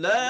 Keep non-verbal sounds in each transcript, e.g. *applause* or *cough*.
لا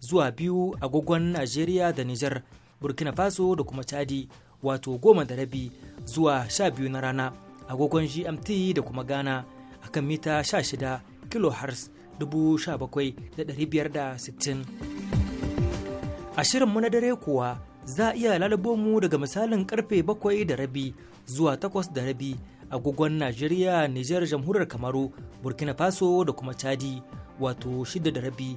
zuwa biyu agogon Najeriya da Nijar, Burkina Faso da kuma Chadi wato goma da rabi zuwa sha biyu na rana agogon GMT da kuma Ghana akan mita sha biyar kilohertz sittin. A shirinmu na dare kuwa za a iya lalubomu mu daga misalin karfe bakwai da rabi zuwa takwas da rabi agogon Najeriya, Nijar, Jamhuriyar Kamaru, Burkina Faso da kuma Chadi wato shida da rabi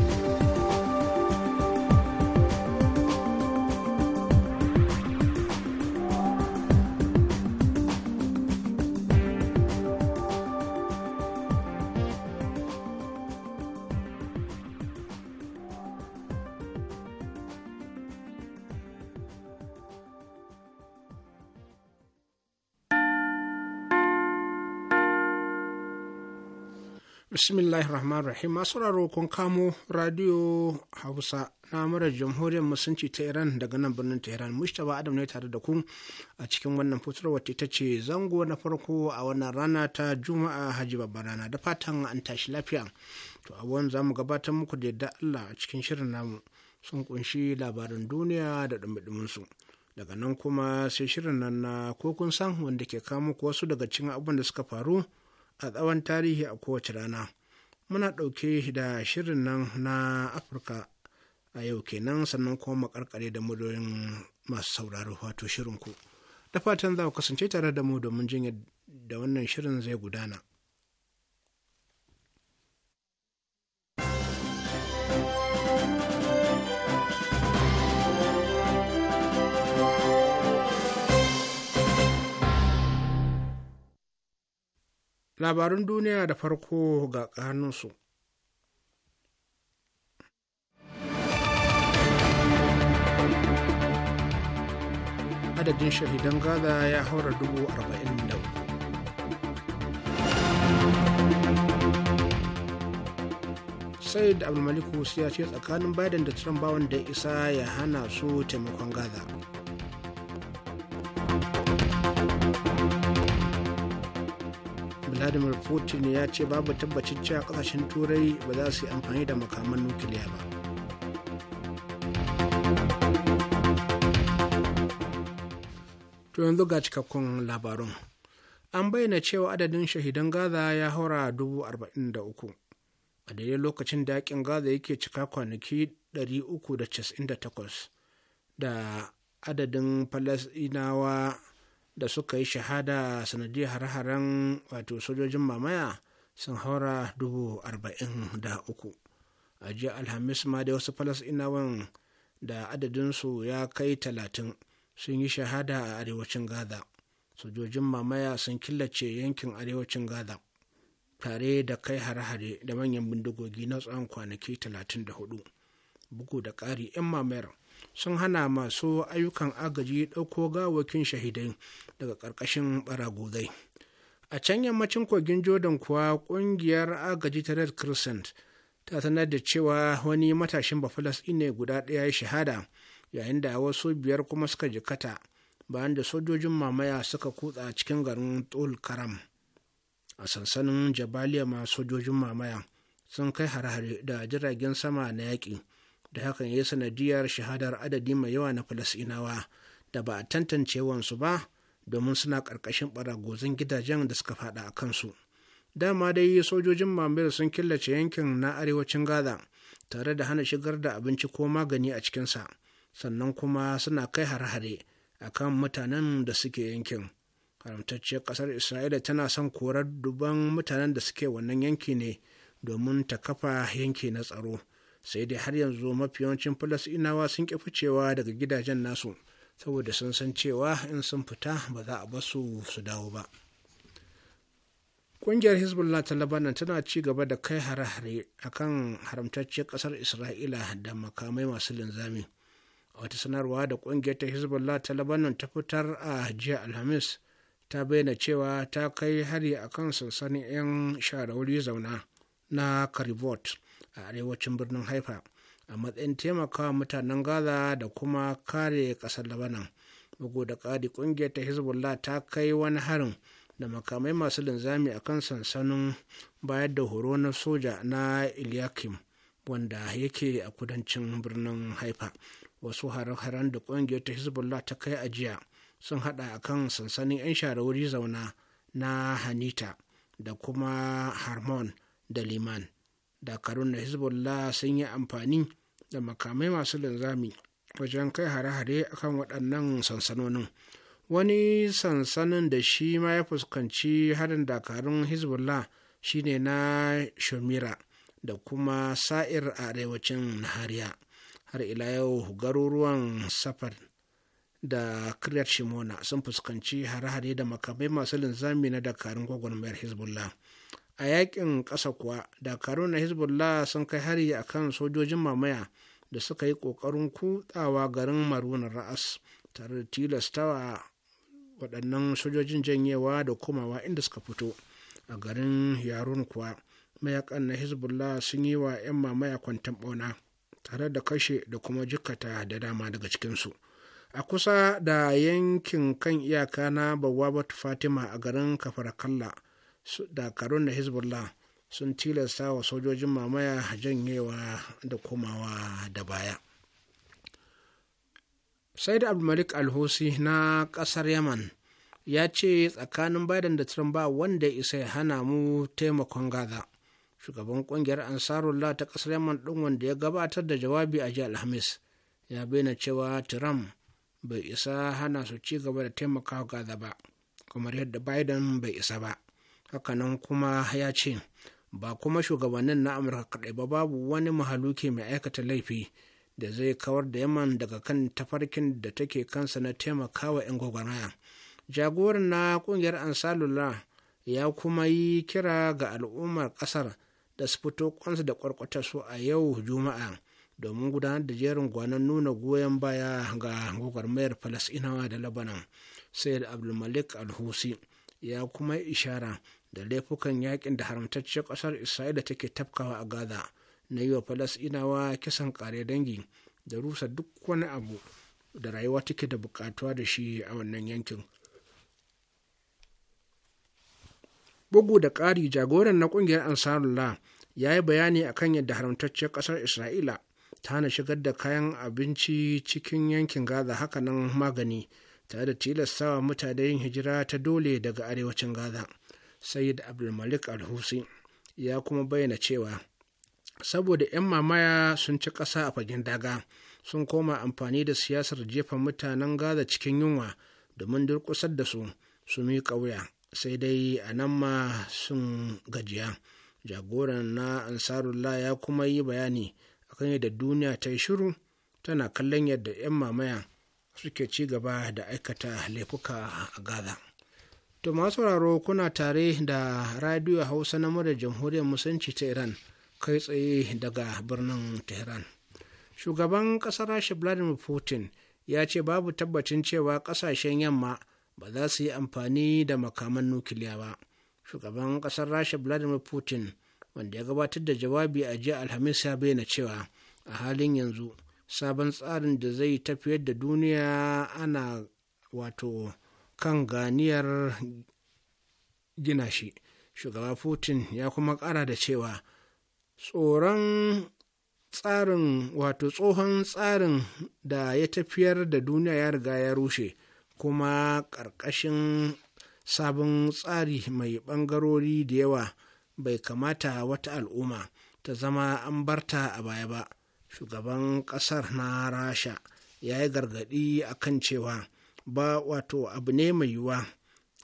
bismillahi rahman rahim masu raro kun kamo radio hausa na murar jamhuriyar musulunci ta iran daga nan birnin tehran ba adam ne tare da ku a cikin wannan fitarwar ta ce zango na farko a wannan rana ta juma'a haji babbarana rana da fatan an tashi lafiya to abuwan za mu gabatar muku da yadda allah a cikin shirin namu sun kunshi labarin duniya da dumi daga nan kuma sai shirin nan na ko kun san wanda ke kawo muku wasu daga cikin abubuwan da suka faru a tsawon tarihi a kowace rana muna ɗauke da shirin nan na afirka a yau kenan sannan kuma makarkare da mudoyin masu sauraro wato shirinku da fatan za ku kasance tare da mu domin jinya da wannan shirin zai gudana labarun duniya da farko ga kanunsu. Adadin shahidan Gaza ya haura dubu arba'in da Said Abdulmaliku ya ce tsakanin Biden da Trump bawan da isa ya hana su taimakon Gaza. vladimir putin ya ce babu tabbacin cewa kasashen turai ba za su yi amfani da makaman nukiliya ba to yanzu ga cikakkun labarun an bayyana cewa adadin shahidan gaza ya haura dubu arba'in da uku a daidai lokacin da yakin gaza yake cika kwanaki 398 da adadin falasinawa da suka yi shahada sanadiyar har-haren wato sojojin mamaya sun haura dubu arba'in da uku a jiya alhamis ma da wasu falasinawan da adadinsu ya kai talatin sun yi shahada a arewacin gaza sojojin mamaya sun killace yankin arewacin gaza tare da kai hare-hare da manyan bindigogi na tsawon kwanaki talatin da hudu. bugu da ƙari 'yan mamayar sun hana masu ayyukan agaji ɗauko gawakin shahidai daga ƙarƙashin baragudai a can yammacin kogin jordan kuwa ƙungiyar agaji ta red crescent ta sanar da cewa wani matashin ne guda ɗaya ya shahada yayin da wasu biyar kuma suka jikata bayan da sojojin mamaya suka kutsa cikin garin tul karam a sansanin jabaliya ma sojojin mamaya sun kai hare-hare da jiragen sama na yaƙi da hakan ya sanadiyar shahadar adadi mai yawa na falasinawa da ba a tantance wansu ba domin suna ƙarƙashin baragozin gidajen da suka faɗa a kansu dama dai sojojin Mamir sun killace yankin na arewacin gaza tare da hana shigar da abinci ko magani a cikinsa sannan kuma suna kai hare-hare a kan mutanen da suke yankin haramtacciyar ƙasar isra'ila tana son korar duban mutanen da suke wannan yanki ne domin ta kafa yanki na tsaro sai dai har yanzu mafi yawancin falasɗinawa sun ƙi ficewa daga gidajen nasu saboda sun san cewa in sun fita ba za a basu su dawo ba ƙungiyar hezbollah ta labanan tana ci gaba da kai hare-hare a kan haramtacciyar ƙasar isra'ila da makamai masu linzami a wata sanarwa da ƙungiyar ta hezbollah ta labanan ta fitar a jiya alhamis ta bayyana cewa ta kai hari akan sansanin 'yan sharauri zauna na karibot a arewacin birnin haifa a matsayin taimakawa mutanen gaza da kuma kare ƙasar labanan bugu da ƙari ƙungiyar ta hezbollah ta kai wani harin da makamai masu linzami a kan sansanin bayar da horo na soja na iliakim wanda yake a kudancin birnin haifa wasu haran haren da ƙungiyar ta hezbollah ta kai a jiya sun hada a kan sansanin 'yan share zauna na hanita da kuma harmon da liman dakarun na hezbollah sun yi amfani da makamai masu linzami wajen kai hare-hare akan waɗannan sansanonin wani sansanin da shi ma ya fuskanci harin dakarun hezbollah shine na shomira da kuma sa'ir a arewacin nahariya har ila yau garuruwan safar da kiryar shimona sun fuskanci hare-hare da makamai masu linzami na dakarun gwagwarmayar hezbollah a yakin ƙasa kuwa dakaru na hezbollah sun kai hari a kan sojojin mamaya da suka yi ƙoƙarin kutsawa garin maruna ra'as tare da tilastawa waɗannan sojojin janyewa da komawa inda suka fito a garin yarun kuwa mayakan na hezbollah sun yi wa 'yan mamaya kwantan ɓauna tare da kashe da kuma jikata da dama daga cikinsu a kusa da yankin kan iyaka na bawa fatima a garin kafarakalla dakarun da hezbollah sun tilasta wa sojojin mamaya janyewa da komawa da baya sai da abdulmalik alhosi na kasar yaman ya ce tsakanin biden da trump ba wanda ya isa ya hana mu taimakon gaza shugaban kungiyar ansarullah ta kasar yaman din wanda ya gabatar da jawabi a jiya alhamis ya bayyana cewa trump bai isa hana su ci gaba da taimakawa gaza ba kamar yadda biden bai isa ba hakanan kuma ya ce ba kuma shugabannin na amurka kaɗai ba babu wani mahaluki mai aikata laifi da zai kawar da yaman daga kan tafarkin da take kansa na taimakawa 'yan gwagwarmaya jagoran na kungiyar ansalula ya kuma yi kira ga al'ummar kasar da su fito kwansa da kwarkwata su a yau juma'a domin gudanar da jerin gwanon nuna goyon baya ga gwagwarmayar falasinawa da labanan sayyid abdulmalik alhusi ya kuma ishara da laifukan yakin da haramtacciyar kasar isra'ila take tafkawa a gaza na yi wa falasɗinawa kisan kare dangi da rusa duk wani abu da rayuwa take da bukatuwa da shi a wannan yankin bugu da ƙari jagoran na ƙungiyar ansarullah ya yi bayani a kan yadda haramtacciyar ƙasar isra'ila ta hana shigar da kayan abinci cikin yankin gaza hakanan magani tare da tilastawa mutane yin hijira ta dole daga arewacin gaza sayyid abdulmalik alhusi ya kuma bayyana cewa saboda 'yan mamaya sun ci ƙasa a fagen daga sun koma amfani da siyasar jefa mutanen gaza cikin yunwa domin durƙusar da su su mi ƙauya sai dai a nan ma sun gajiya jagoran na ansarullah ya kuma yi bayani akan yadda duniya ta yi shiru tana kallon yadda 'yan mamaya suke ci gaba da aikata laifuka a gaza To masu sauraro kuna tare da Radio Hausa na murar Jamhuriyar Musulunci ta Iran kai tsaye daga birnin Tehran. Shugaban ƙasar Rasha Vladimir Putin ya ce babu tabbacin cewa ƙasashen yamma ba za su yi amfani da makaman nukiliya ba. Shugaban ƙasar Rasha Vladimir Putin wanda ya gabatar da jawabi a jiya Alhamis ya bayyana cewa a halin yanzu sabon tsarin da zai tafiyar da duniya ana wato kan ganiyar gina shi shugaba putin ya kuma ƙara da cewa tsoron tsarin wato tsohon tsarin da ya tafiyar da duniya ya riga ya rushe kuma ƙarƙashin sabon tsari mai ɓangarori da yawa bai kamata wata al'umma ta zama an barta a baya ba shugaban ƙasar na rasha ya yi gargaɗi a kan cewa ba wato abu ne mai yiwuwa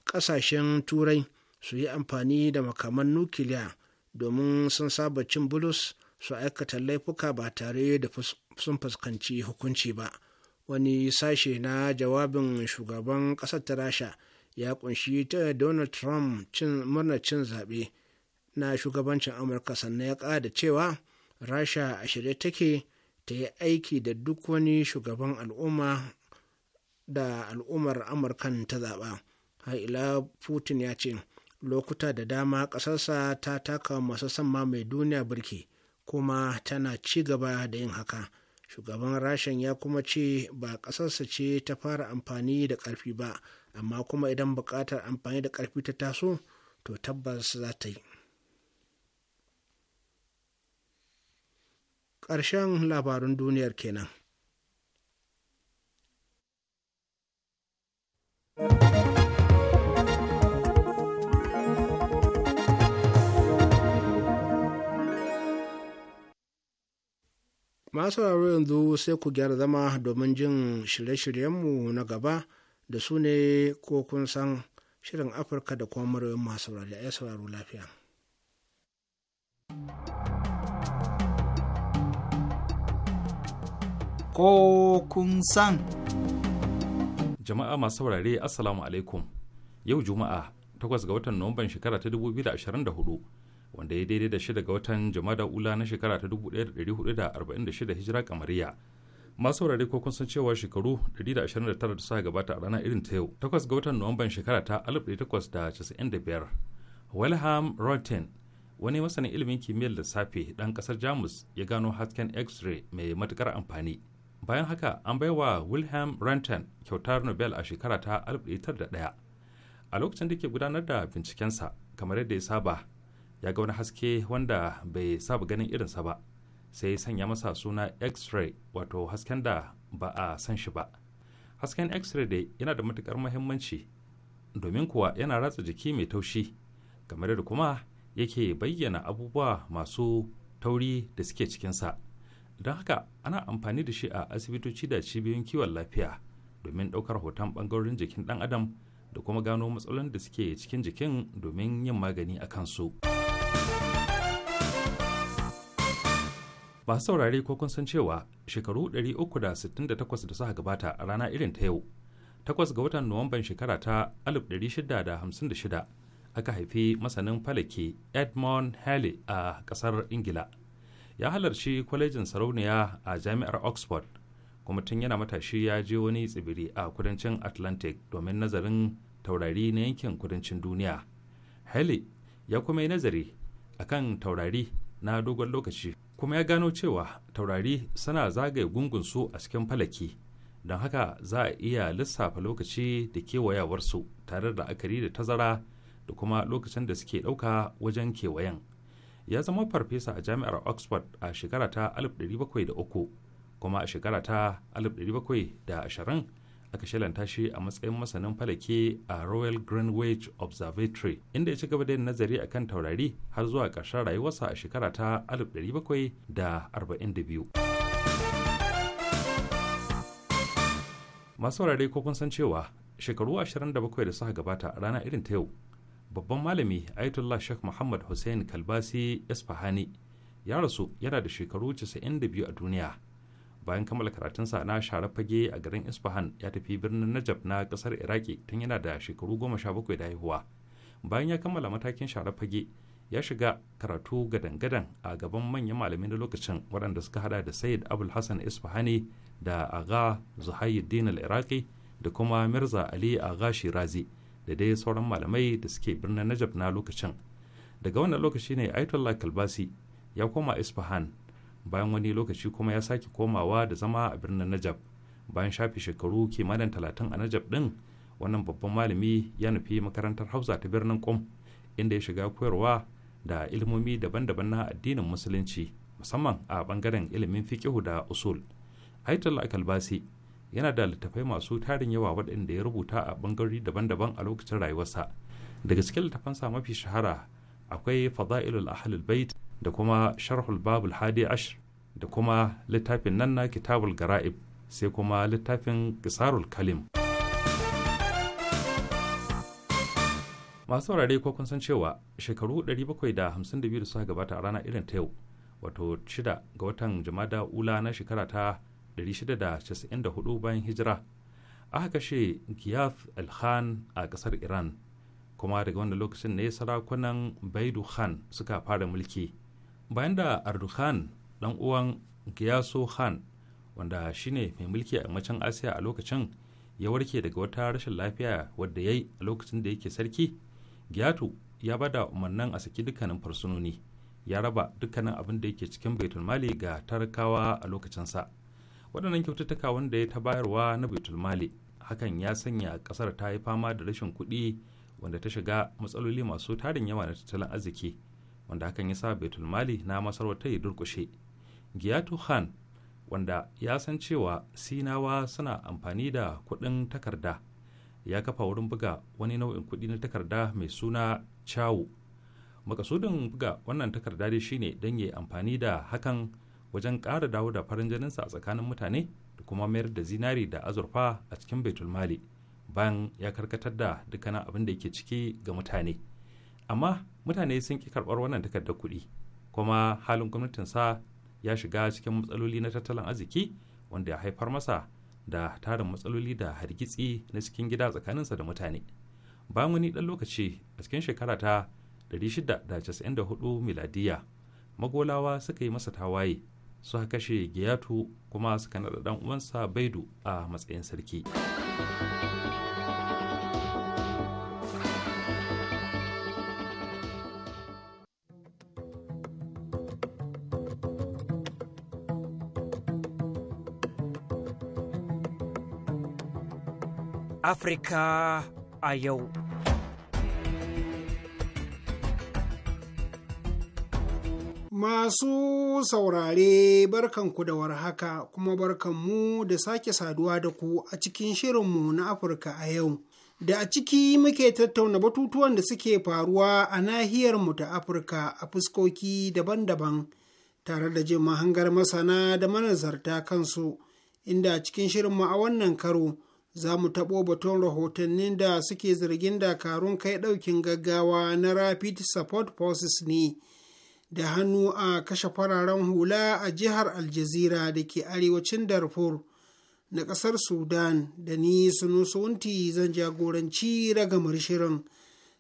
ƙasashen turai su yi amfani da makaman nukiliya domin sun saba cin bulus su aikata laifuka ba tare da sun fuskanci hukunci ba wani sashe na jawabin shugaban ƙasar ta rasha ya kunshi ta donald trump cin murnar cin zaɓe na shugabancin amurka sannan ya ƙada cewa rasha a shirye take ta yi aiki da duk wani shugaban al'umma da al'ummar amurkan ta zaɓa ila putin ya ce lokuta da dama ƙasarsa ta taka masu sama mai duniya birki kuma tana ci gaba da yin haka shugaban rashin ya kuma ce ba ƙasarsa ce ta fara amfani da ƙarfi ba amma kuma idan buƙatar amfani da ƙarfi ta taso to tabbas za ta yi ƙarshen labarun duniyar kenan. masu yanzu sai ku gyara zama domin jin shirye-shiryenmu na gaba da su ne ko kun san shirin afirka da kuma muryoyin masu saurari a sauraro lafiya ko kun san jama'a masu saurare assalamu alaikum yau juma'a 8 ga watan nuwamban shekara ta 2024 wanda ya daidai da 6 ga watan jama'a ula na shekara ta 1446 hijira kamariya masu saurare ko kun san cewa shekaru 129 da suka gabata a ranar irin ta yau 8 ga watan nuwamban shekara ta 1895 wilhelm rotten wani masanin ilimin kimiyyar lissafi ɗan ƙasar jamus ya gano hasken x-ray mai matuƙar amfani bayan haka an bai wa wilhelm renton kyautar nobel a shekara ta 1901 a lokacin da ke gudanar da bincikensa kamar yadda ya saba ya ga wani haske wanda bai saba ganin irinsa ba sai ya sanya masa suna x-ray wato hasken da ba a san shi ba hasken x-ray dai yana da matukar muhimmanci domin kuwa yana ratsa jiki mai taushi kamar da kuma yake bayyana abubuwa masu tauri da suke cikinsa don haka ana amfani da shi a asibitoci da cibiyoyin kiwon lafiya domin ɗaukar hoton ɓangarorin jikin ɗan adam da kuma gano matsalolin da suke cikin jikin domin yin magani a kansu. ba saurare ko kun san cewa shekaru 368 da suka gabata a rana irin ta yau takwas ga watan nuwamban shekara ta 1656 aka haifi masanin falake edmund halley a kasar ingila ya halarci kwalejin sarauniya a jami'ar oxford kuma tun yana matashi ya je wani tsibiri a kudancin atlantic domin nazarin taurari na yankin kudancin duniya haley ya kuma yi nazari kan taurari na dogon lokaci kuma ya gano cewa taurari suna zagaye gungun su a cikin falaki don haka za a iya lissafa lokaci da kewayawarsu tare da akari da tazara da kuma lokacin da suke ɗauka wajen kewayen. ya zama farfesa a jami'ar oxford a shekara ta 1703 kuma a shekara ta 1720 aka shalanta shi a matsayin masanin falake a royal greenwich observatory inda ya ci gaba da yin nazari kan taurari har zuwa ƙarshen rayuwarsa a shekara ta 1742 masu wurare ko kun san cewa shekaru 27 da suka gabata a rana irin ta yau babban malami ayatollah sheikh muhammad hussein kalbasi isfahani ya rasu yana da shekaru 92 a duniya bayan kammala karatunsa na share fage a garin isfahan ya tafi birnin najab na kasar iraki tun yana da shekaru 17 da haihuwa bayan ya kammala matakin share fage ya shiga karatu gadan-gadan a gaban manyan malamai na lokacin waɗanda suka hada da sayid abul hassan isfahani da aga zuhayuddin al-iraqi da kuma mirza ali aga shirazi da dai sauran malamai da suke birnin najaf na lokacin daga wannan lokaci ne ayatollah kalbasi ya koma isfahan bayan wani lokaci kuma ya sake komawa da zama a birnin najaf bayan shafi shekaru kimanin talatin a najaf din wannan babban malami ya nufi makarantar hausa ta birnin kom inda ya shiga koyarwa da ilimomi daban-daban na addinin musulunci musamman a bangaren ilimin fiqihu da usul ayatollah kalbasi yana da littafai masu tarin yawa waɗanda ya rubuta a bangarori daban-daban a lokacin rayuwarsa daga cikin littafansa mafi shahara akwai fada'ilul ahlul bait da kuma sharhul babul hadi ashr da kuma littafin nan na kitabul gara'ib sai kuma littafin kisarul kalim masu wurare ko kun san cewa shekaru 752 da suka gabata a rana irin ta yau wato 6 ga watan jama'a ula na shekara ta 694 bayan hijira aka kashe giyaf al-khan a kasar iran kuma daga wanda lokacin ne sarakunan baidu khan suka fara mulki bayan da ardu khan dan uwan giyaso khan wanda shine mai mulki a yammacin asiya a lokacin ya warke daga wata rashin lafiya wadda ya yi a lokacin da yake sarki giyatu ya bada umarnin a saki dukkanin farsunoni ya raba dukkanin abin da yake cikin baitulmali ga tarkawa a lokacinsa waɗannan kyaututtuka wanda ya ta bayarwa na mali hakan ya sanya ƙasar ta yi fama da rashin kuɗi wanda ta shiga matsaloli masu tarin yawa na tattalin arziki wanda hakan ya sa mali na masarautar ya durƙushe. giyatu khan wanda ya san cewa sinawa suna amfani da kuɗin takarda ya kafa wurin buga wani nau'in kuɗi na takarda mai suna cawu makasudin buga wannan takarda dai shine don ya amfani da hakan wajen ƙara dawo da farin jininsa a tsakanin mutane da kuma mayar da zinari da azurfa a cikin baitulmali bayan ya karkatar da dukkanin abin da yake ciki ga mutane amma mutane sun ki karɓar wannan takardar kuɗi kuma halin gwamnatinsa ya shiga cikin matsaloli na tattalin arziki wanda ya haifar masa da tarin matsaloli da hargitsi na cikin gida tsakaninsa da mutane bayan wani ɗan lokaci a cikin shekara ta 694 miladiya magolawa suka yi masa tawaye suka kashe giyatu kuma suka naɗa ɗan uwansa baidu a matsayin sarki Afirka a yau. Masu saurare barkanku da warhaka kuma barkanmu da sake saduwa da ku a cikin shirinmu na Afirka a yau. Da a ciki muke tattauna batutuwan da suke faruwa a nahiyar mu ta Afirka a fuskoki daban-daban tare da jin mahangar masana da manazarta kansu, inda a cikin shirinmu a wannan karo za mu taɓo batun rahotannin da suke zargin dakarun kai ɗaukin gaggawa na Rapid Support Forces ne. da hannu a kashe fararen hula a jihar aljazira da ke arewacin darfur na ƙasar sudan da ni sunusunti zan jagoranci ragamar shirin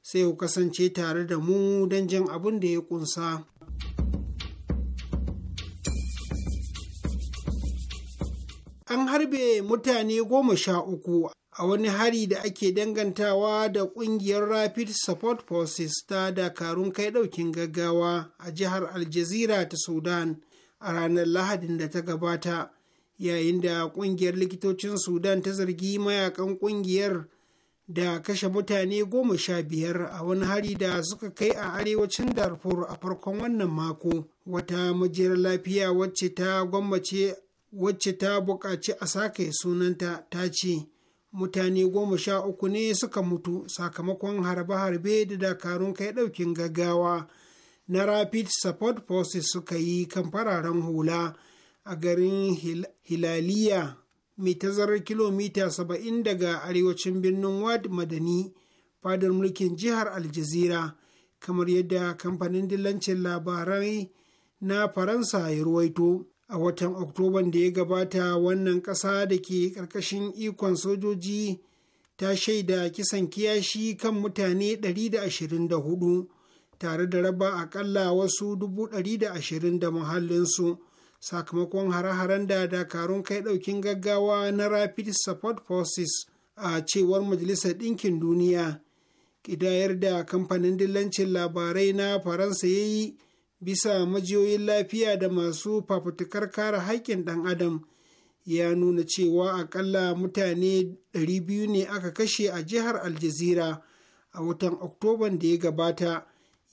sai ku kasance tare da mu don jin abin da ya ƙunsa. an harbe mutane goma sha uku a wani hari da ake dangantawa da kungiyar rapid support forces ta dakarun kai daukin gaggawa a jihar aljazira ta sudan a ranar lahadin da ta gabata yayin da kungiyar likitocin sudan ta zargi mayakan kungiyar da kashe mutane goma sha biyar a wani hari da suka kai a arewacin darfur a farkon wannan mako wata majiyar lafiya wacce ta gwammace wacce ta buƙaci a sake sunanta ta ce mutane goma sha uku ne suka mutu sakamakon harbe-harbe da dakarun kai daukin gaggawa na rapid support forces suka yi kan fararen hula a garin hilaliya mai tazarar kilomita 70 daga arewacin birnin wad madani fadar mulkin jihar aljazira kamar yadda kamfanin dillancin labarai na faransa ya ruwaito a watan oktoban da ya gabata wannan ƙasa da ke ƙarƙashin ikon sojoji ta shaida kisan kiyashi kan mutane 124 tare da raba akalla wasu 120 da muhallinsu sakamakon hare-haren da dakarun kai ɗaukin gaggawa na rapid support forces a cewar majalisar ɗinkin duniya ƙidayar da kamfanin dillancin labarai na faransa ya yi bisa majiyoyin lafiya da masu fafutukar kare haƙƙin ɗan adam ya nuna cewa akalla mutane 200 ne aka kashe a jihar aljazira a watan oktoban da ya gabata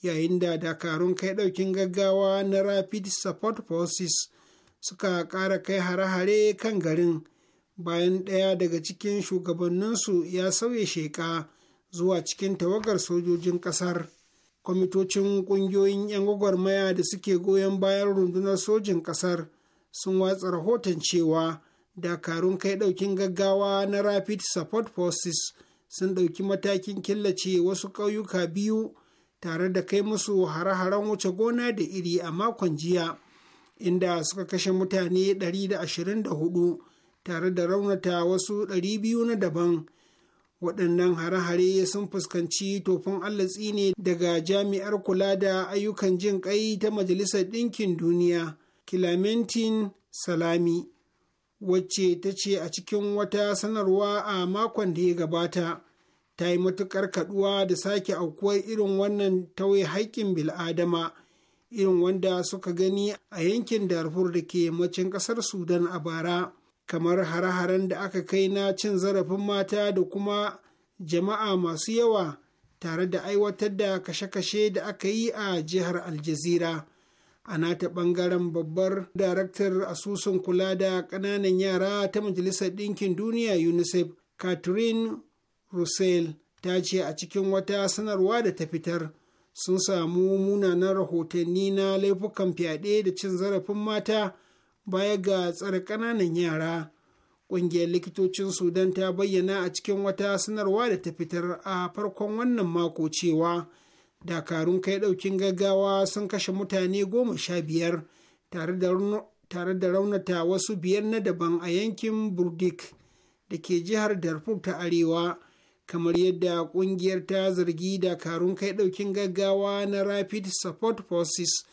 yayin da dakarun kai ɗaukin gaggawa na rapid support forces suka ƙara kai hare-hare kan garin bayan ɗaya daga cikin shugabanninsu ya sauya sheƙa zuwa cikin tawagar sojojin ƙasar. kwamitocin ƙungiyoyin 'yan gwagwarmaya da suke goyon bayan rundunar sojin ƙasar sun watsa rahoton cewa dakarun kai ɗaukin gaggawa na rapid support forces sun ɗauki matakin killace wasu ƙauyuka biyu tare da kai musu hare-haren wuce gona da iri a makon jiya inda suka kashe mutane 124 tare da raunata wasu 200 na daban waɗannan hare-hare sun fuskanci tofin allatsi ne daga jami'ar kula da ayyukan jin ƙai ta majalisar ɗinkin duniya kilamentin salami wacce ta ce a cikin wata sanarwa a makon da ya gabata ta yi matuƙar kaɗuwa da sake aukuwar irin wannan tauye haƙƙin bil'adama irin wanda suka gani a yankin darfur da ke yammacin ƙasar sudan a bara kamar hare-haren da aka kai na cin zarafin mata da kuma jama'a masu yawa tare da aiwatar da kashe-kashe da aka yi a jihar aljazira a nata ɓangaren babbar daraktar asusun kula da ƙananan yara ta majalisar ɗinkin duniya unicef catherine russell ta ce a cikin wata sanarwa da ta fitar sun samu munanan rahotanni na laifukan fyaɗe da cin zarafin mata baya ga tsare ƙananan yara ƙungiyar likitocin sudan ta bayyana a cikin wata sanarwa da ta fitar a farkon wannan mako cewa dakarun kai ɗaukin gaggawa sun kashe mutane goma sha biyar tare da raunata wasu biyar na daban a yankin burdik da ke jihar darfur ta arewa kamar yadda ƙungiyar ta zargi dakarun kai ɗaukin gaggawa na rapid support forces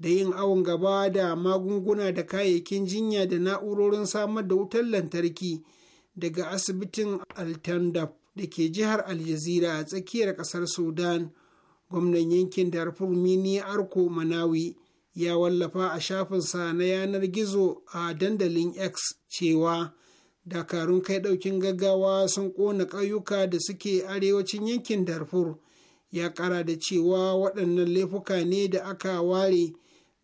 da yin awon gaba da magunguna da kayayyakin jinya da na'urorin samar da wutar lantarki daga asibitin altandab da ke jihar aljazira a tsakiyar kasar sudan gwamnan yankin darfur mini arko manawi ya wallafa a shafinsa na yanar gizo a dandalin x cewa dakarun kai daukin gaggawa sun kona ƙauyuka da suke arewacin yankin darfur ya kara da cewa waɗannan laifuka ne da aka ware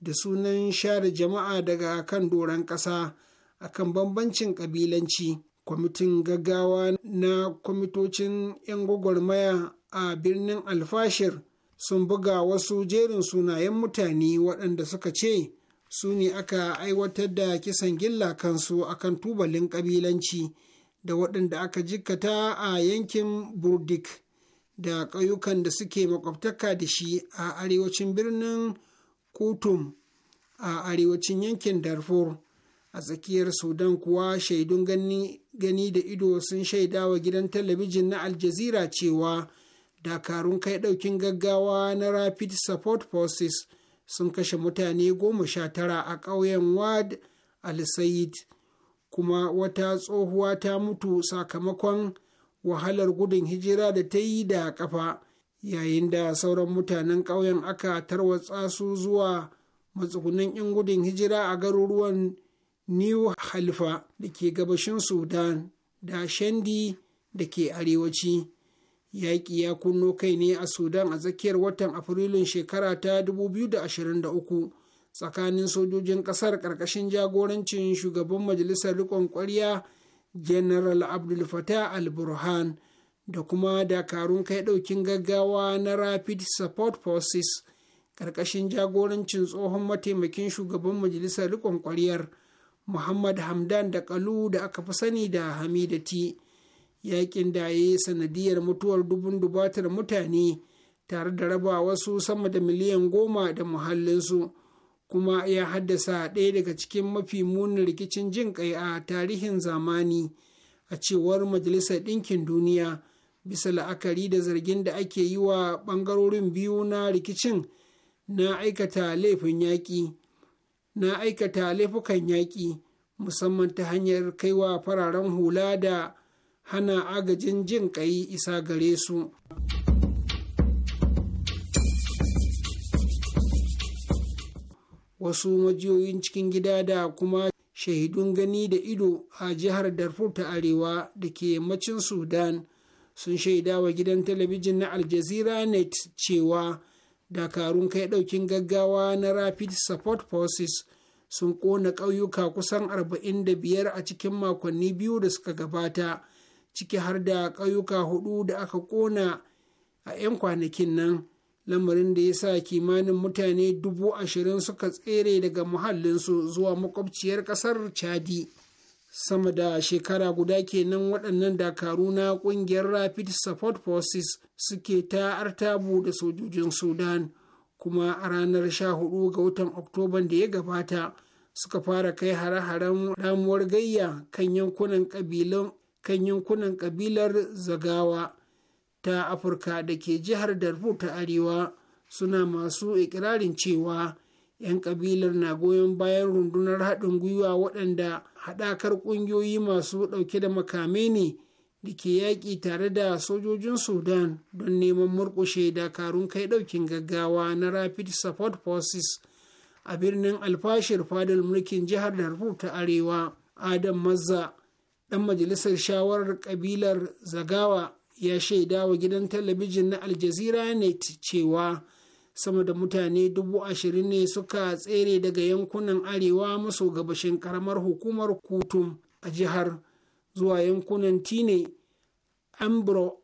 da sunan share jama'a daga kan doron ƙasa akan bambancin ƙabilanci kwamitin gaggawa na kwamitocin 'yan gwagwarmaya a birnin alfashir sun buga wasu jerin sunayen mutane waɗanda suka ce su ne aka aiwatar da kisan gilla kansu akan tubalin ƙabilanci da waɗanda aka jikkata a yankin burdik da ƙauyukan da suke makwabtaka da shi a arewacin birnin kutum a arewacin yankin darfur a tsakiyar sudan kuwa shaidun gani, da ido sun shaida wa gidan talabijin na aljazira cewa dakarun kai ɗaukin gaggawa na rapid support forces sun kashe mutane goma sha tara a ƙauyen wad al said kuma wata tsohuwa ta mutu sakamakon wahalar gudun hijira da ta yi da kafa yayin da sauran mutanen ƙauyen aka tarwatsa su zuwa matsugunan 'yan gudun hijira a garuruwan new halifa da ke gabashin sudan da shandi da ke arewaci yaƙi ya kunno kai ne a sudan a tsakiyar watan afrilun shekara ta 2023 tsakanin sojojin ƙasar ƙarƙashin jagorancin shugaban majalisar riƙon ƙwarya general abdul fatah al-burhan da kuma dakarun kai ɗaukin gaggawa na rapid support forces ƙarƙashin jagorancin tsohon mataimakin shugaban majalisar riƙon ƙwaryar muhammad hamdan da kalu da aka fi sani da hamidati yakin da ya yi sanadiyar mutuwar dubun dubatar mutane tare da raba wasu sama da miliyan goma da muhallinsu kuma ya haddasa ɗaya daga cikin mafi munin rikicin jin ƙai a tarihin zamani a cewar majalisar ɗinkin duniya bisa la'akari da zargin da ake yi wa ɓangarorin biyu na rikicin na aikata laifin yaƙi na aikata laifukan yaƙi musamman ta hanyar kaiwa fararen hula da hana agajin jin ƙai isa gare su. wasu majiyoyin cikin gida da kuma shahidun gani da ido a jihar darfur ta arewa da ke yammacin sudan sun shaida wa gidan talabijin na aljazeera net cewa dakarun kai ɗaukin gaggawa na rapid support forces sun ƙona ƙauyuka kusan 45 a cikin makonni biyu da suka gabata ciki har da ƙauyuka hudu da aka ƙona a 'yan kwanakin nan lamarin da ya sa kimanin mutane dubu ashirin suka tsere daga muhallinsu zuwa makwabciyar ƙasar chadi. sama da shekara guda kenan waɗannan dakaru na ƙungiyar rapid support forces suke ta artabu da sojojin sudan kuma a ranar 14 ga watan oktoban da ya gabata suka fara kai hare-haren ramuwar gayya kan yankunan kabilan yankunan kabilar zagawa ta afirka da ke jihar darfur ta arewa suna masu ikirarin cewa 'yan kabilar na goyon bayan rundunar haɗin gwiwa waɗanda haɗakar ƙungiyoyi masu ɗauke da makamai ne da ke yaƙi tare da sojojin sudan don neman murƙushe dakarun kai ɗaukin gaggawa na rapid support forces a birnin alfashir fadar mulkin jihar darfur ta arewa adam maza ɗan majalisar shawarar kabilar zagawa ya shaidawa gidan talabijin na aljazira net cewa sama da mutane dubu ashirin ne suka tsere daga yankunan arewa maso gabashin karamar hukumar kutum a jihar zuwa yankunan tine ambro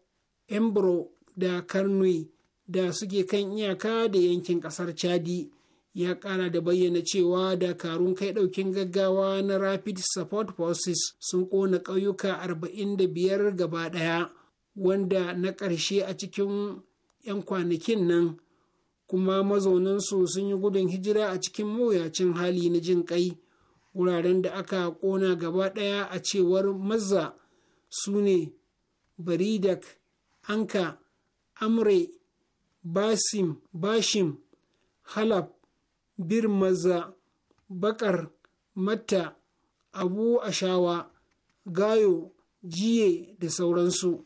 da karnui da suke kan iyaka da yankin kasar chadi ya kara da bayyana cewa dakarun kai daukin gaggawa na rapid support forces sun kona ƙauyuka 45 gaba daya wanda na ƙarshe a cikin 'yan kwanakin nan kuma mazaunansu sun yi gudun hijira a cikin mawuyacin hali na jin ƙai wuraren da aka ƙona gaba ɗaya a cewar maza su ne baridak anka amre basim bashim halab bir maza bakar matta abu ashawa gayo jiye da sauransu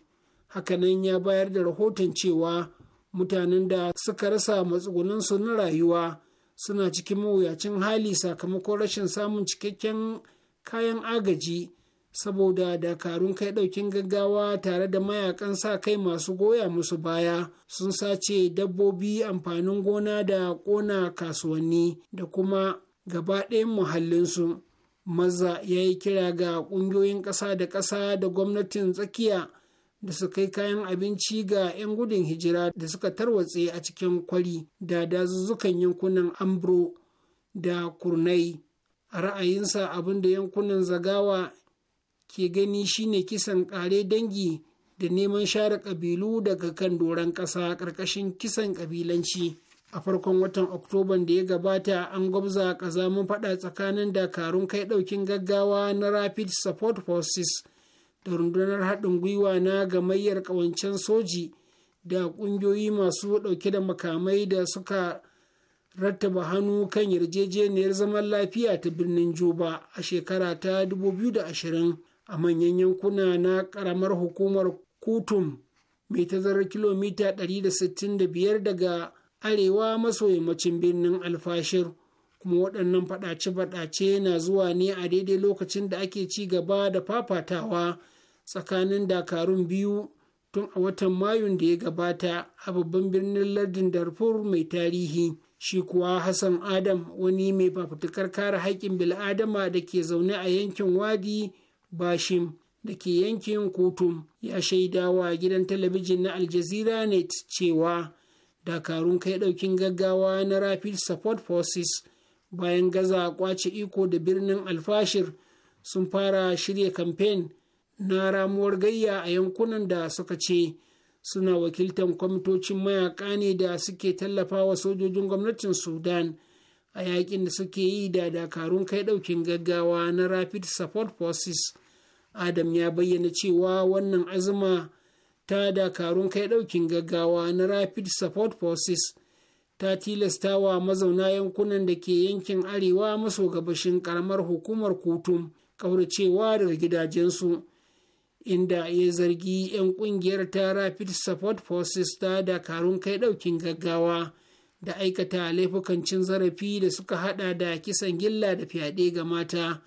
hakanan ya bayar da rahoton cewa mutanen da suka rasa matsugunansu na rayuwa suna cikin mawuyacin hali sakamakon rashin samun cikakken kayan agaji saboda dakarun kai ɗaukin gaggawa tare da mayakan sa kai masu goya musu baya sun sace dabbobi amfanin gona da ƙona kasuwanni da kuma gaba ɗayan muhallinsu maza ya yi kira ga ƙungiyoyin ƙasa da ƙasa da gwamnatin tsakiya da su kai kayan abinci ga 'yan gudun hijira da suka tarwatse a cikin kwari da dazuzzukan yankunan ambro da kurnai a ra'ayinsa abin da yankunan zagawa ke gani shine kisan kare dangi da neman share ƙabilu daga kan doron ƙasa ƙarƙashin kisan ƙabilanci a farkon watan oktoban da ya gabata an gwabza kazamin faɗa tsakanin dakarun kai ɗaukin gaggawa na rapid support forces da rundunar haɗin gwiwa na gamayyar ƙawancen soji da ƙungiyoyi masu ɗauke da makamai da suka rattaba hannu kan yarjejeniyar zaman lafiya ta birnin juba a shekara ta 2020 a manyan yankuna na ƙaramar hukumar kutum mai tazarar kilomita 165 daga arewa maso yammacin birnin alfashir kuma waɗannan faɗace-faɗace na zuwa ne a daidai lokacin da ake ci gaba da fafatawa tsakanin dakarun biyu tun a watan mayun da ya gabata a babban birnin lardin darfur mai tarihi shi kuwa hassan adam wani mai fafutukar kare haƙƙin bil'adama da ke zaune a yankin wadi bashim da ke yankin kotun. ya shaidawa gidan talabijin na aljazeera net cewa dakarun kai ɗaukin gaggawa na rapid support forces bayan gaza kwace iko da birnin alfashir sun fara shirya kamfen na ramuwar gayya a yankunan da suka ce suna wakiltar kwamitocin mayaka ne da suke tallafawa sojojin gwamnatin sudan a yakin da suke yi da dakarun kai daukin gaggawa na rapid support forces adam ya bayyana cewa wannan azuma ta dakarun kai daukin gaggawa na rapid support forces ta wa mazauna yankunan da ke yankin arewa maso gabashin karamar hukumar kutum kauracewa daga gidajensu inda ya zargi 'yan kungiyar ta rapid support forces ta dakarun kai daukin gaggawa da aikata laifukan cin zarafi da suka hada da kisan gilla da fyaɗe ga mata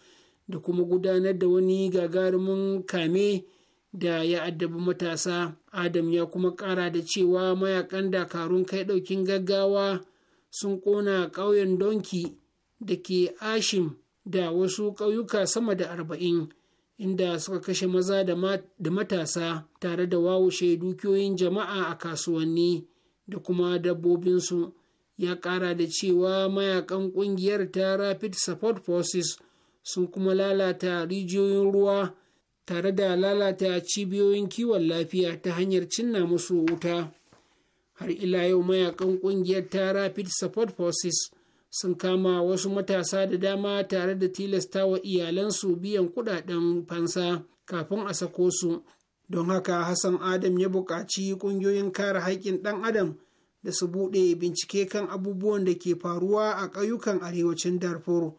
da kuma gudanar da wani gagarumin kame da ya addabi matasa adam ya kuma kara da cewa mayakan dakarun kai daukin gaggawa sun kona ƙauyen donki da ke ashim da wasu ƙauyuka sama da arba'in inda suka kashe maza da matasa tare da wawushe dukiyoyin jama'a a kasuwanni da kuma dabbobinsu ya ƙara da cewa mayakan ƙungiyar ta rapid support forces sun kuma lalata rijiyoyin ruwa tare da lalata cibiyoyin kiwon lafiya ta hanyar cinna musu wuta har ila yau mayakan ƙungiyar ta rapid support forces sun kama wasu matasa da dama tare da tilasta wa iyalansu biyan kudaden fansa kafin a sako su don haka hassan adam ya buƙaci ƙungiyoyin kare haƙƙin ɗan adam da su buɗe bincike kan abubuwan da ke faruwa a ƙauyukan arewacin darfur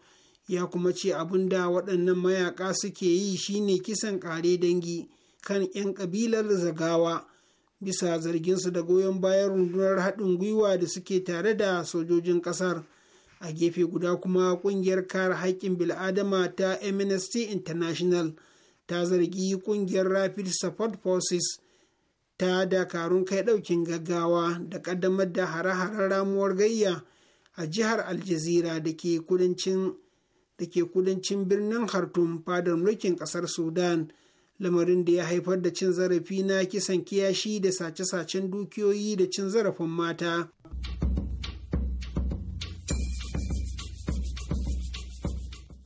ya kuma ce abin da waɗannan mayaƙa suke yi shine kisan ƙare dangi kan 'yan ƙabilar zagawa bisa zarginsu da goyon bayan rundunar haɗin gwiwa da suke tare da sojojin ƙasar. a gefe guda kuma kungiyar kare haƙƙin bil'adama ta amnesty international ta zargi kungiyar rapid support forces ta dakarun kai ɗaukin gaggawa da ƙaddamar da hare-haren ramuwar gayya a jihar aljazira da ke kudancin birnin hartum fadar mulkin ƙasar sudan lamarin da ya haifar da cin zarafi na kisan kiyashi da sace-sacen dukiyoyi da cin zarafin mata.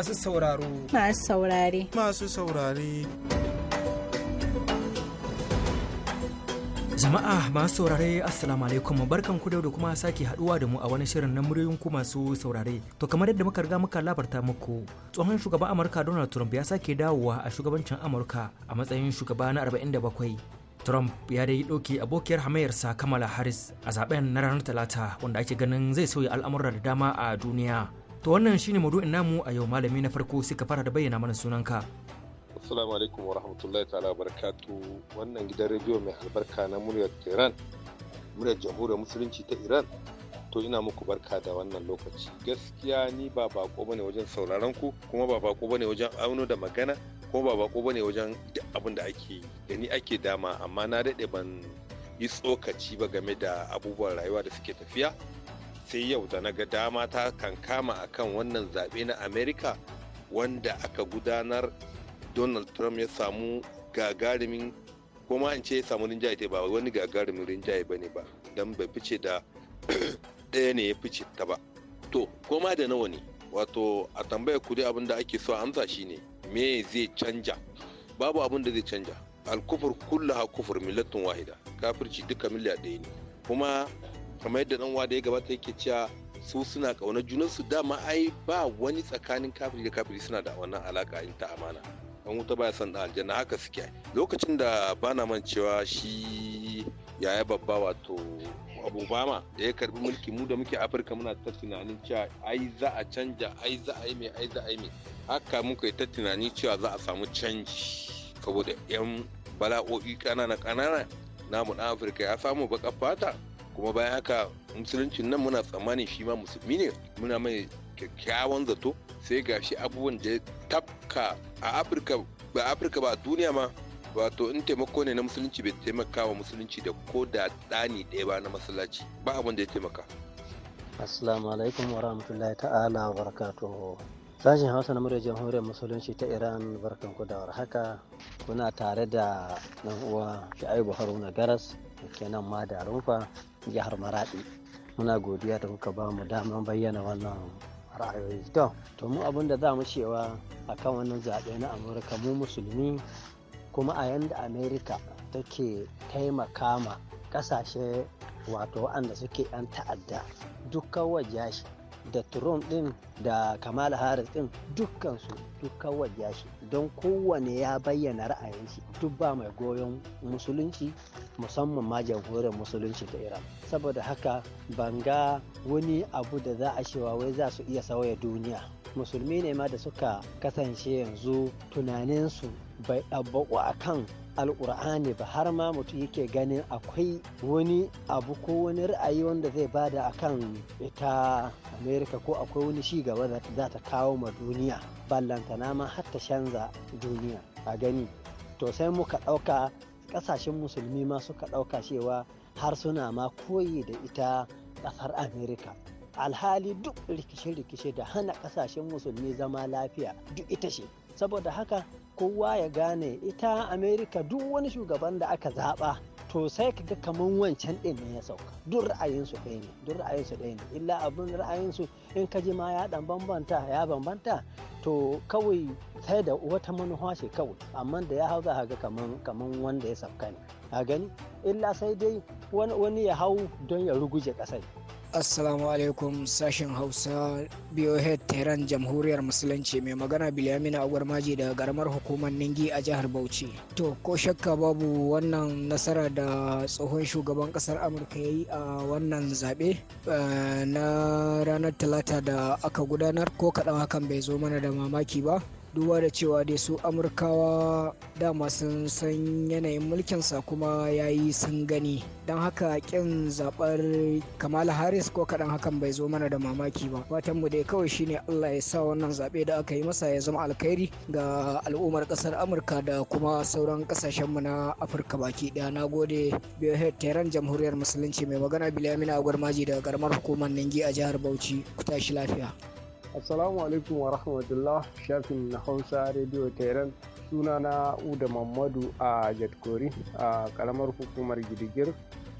masu sauraro. Masu saurare. Masu saurare. Jama'a masu saurare Assalamu alaikum barkan ku da kuma sake haduwa da mu a wani shirin na muryoyin ku masu saurare. To kamar yadda muka riga muka labarta muku tsohon shugaban Amurka Donald Trump ya sake dawowa a shugabancin Amurka a matsayin shugaba na 47 Trump ya dai ɗauke abokiyar hamayarsa Kamala Harris a zaben na ranar Talata wanda ake ganin zai sauya al'amura da dama a duniya. To wannan shine maudu'in namu a yau malami na farko suka fara da bayyana mana sunanka. Assalamu alaikum wa rahmatullahi ta'ala barakatu wannan gidan rediyo mai albarka na muryar Iran muryar jamhuriyar musulunci ta Iran to ina muku barka da wannan lokaci gaskiya ni ba bako bane wajen sauraron ku kuma ba bako bane wajen auno da magana kuma ba bako bane wajen duk abin da ake gani ni ake dama amma na daɗe ban yi tsokaci ba game da abubuwan rayuwa da suke tafiya sai yau da na ga dama ta kan kama akan wannan zaɓe na amerika wanda aka gudanar donald trump ya samu gagarumin kuma in ce ya samu rinjaye ta ba wani gagarumin rinjaye ba ne ba don bai fice da *clears throat* ɗaya ne ya fice ta ba to koma da nawa ne wato a tambayar kudi abin da ake so amsa shi ne me zai canja babu abin da zai canja alkufur ha kufur millatin wahida kafirci duka miliya ɗaya ne kuma kamar yadda dan da ya gabata yake cewa su suna ƙaunar junansu dama ai ba wani tsakanin kafiri da kafiri suna da wannan alaka in ta amana dan wuta baya son dan aljanna haka suke lokacin da bana man cewa shi yaya babba wato obama da ya karbi mulki mu da muke afirka muna ta tunanin cewa ai za a canja ai za a yi mai ai za a yi mai haka muka yi ta tunani cewa za a samu canji saboda yan bala'o'i ƙanana ƙanana namu na afirka ya samu baka fata kuma bayan haka musuluncin nan muna tsammanin shi ma musulmi ne muna mai kyakkyawan zato sai ga shi abubuwan da ya tafka a afirka ba afirka ba duniya ma wato in taimako ne na musulunci bai taimaka wa musulunci da ko da ɗani ɗaya ba na masallaci ba abin da ya taimaka assalamu alaikum wa rahmatullahi ta'ala wa barakatuhu sashen hausa na muryar jamhuriyar musulunci ta iran barkan ku da warhaka kuna tare da dan uwa sha'ibu haruna garas kenan ma da rumfa jihar maradi muna godiya da kuka ba mu damar bayyana wannan ra'ayoyi to to mu abin da za mu cewa kan wannan zaɓe na amurka mu musulmi kuma a yanda amerika take taimaka ma ƙasashe wato waɗanda suke 'yan ta'adda dukkan wajashi da trump din da kamala harris din dukkansu dukkan wajen shi don kowane ya bayyana ra'ayin shi duk ba mai goyon musulunci musamman ma jamhuriyar musulunci ta iran saboda haka banga wani abu da za a cewa wai za su iya sauya duniya musulmi ne ma da suka kasance yanzu tunaninsu bai ɗabbaƙo a kan alƙur'ani ba har ma mutum yake ganin akwai wani abu ko wani ra'ayi wanda zai bada a kan ita amerika ko akwai wani shi gaba da za ta kawo ma duniya ballantana ma har ta canza duniya a gani to sai muka ɗauka ƙasashen musulmi ma suka ɗauka cewa har suna ma koyi da ita ƙasar amerika alhali duk rikice-rikice da hana ƙasashen musulmi zama lafiya duk ita ce saboda haka kowa ya gane ita amerika duk wani shugaban da aka zaba to sai ka ga kaman wancan din ne ya sauka duk ra'ayinsu ɗaya ne duk ra'ayinsu ɗaya ne illa abin ra'ayinsu in ka ji ma ya ɗan bambanta ya bambanta to kawai sai da wata manufa ce kawai amma da ya hau za ga kaman kaman wanda ya sauka ne a gani illa sai dai wani ya hau don ya ruguje ƙasai Assalamu alaikum sashen Hausa BOHED Tehran Jamhuriyar Musulunci mai magana Bilyamina Agwar Maji daga garamar hukumar Ningi a jihar Bauchi. To ko shakka babu wannan nasara da tsohon shugaban kasar Amurka ya yi a wannan zaɓe eh, na ranar talata da aka gudanar ko kaɗan hakan bai zo mana da mamaki ba duba da cewa dai su amurkawa dama sun san yanayin mulkinsa kuma ya yi sun gani don haka kin zaɓar kamala harris ko kaɗan hakan bai zo mana da mamaki ba fatan mu dai kawai shine allah ya sa wannan zaɓe da aka yi masa ya zama alkhairi ga al'ummar ƙasar amurka da kuma sauran ƙasashenmu na afirka baki ɗaya na gode Head, tehran jamhuriyar musulunci mai magana bilamina agwar maji daga Garmar hukumar ningi a jihar bauchi ku tashi lafiya Assalamu alaikum wa rahmatullah shafin na Hausa Radio Tehran suna na Uda Mamadu a Jatkori a kalamar hukumar Gidigir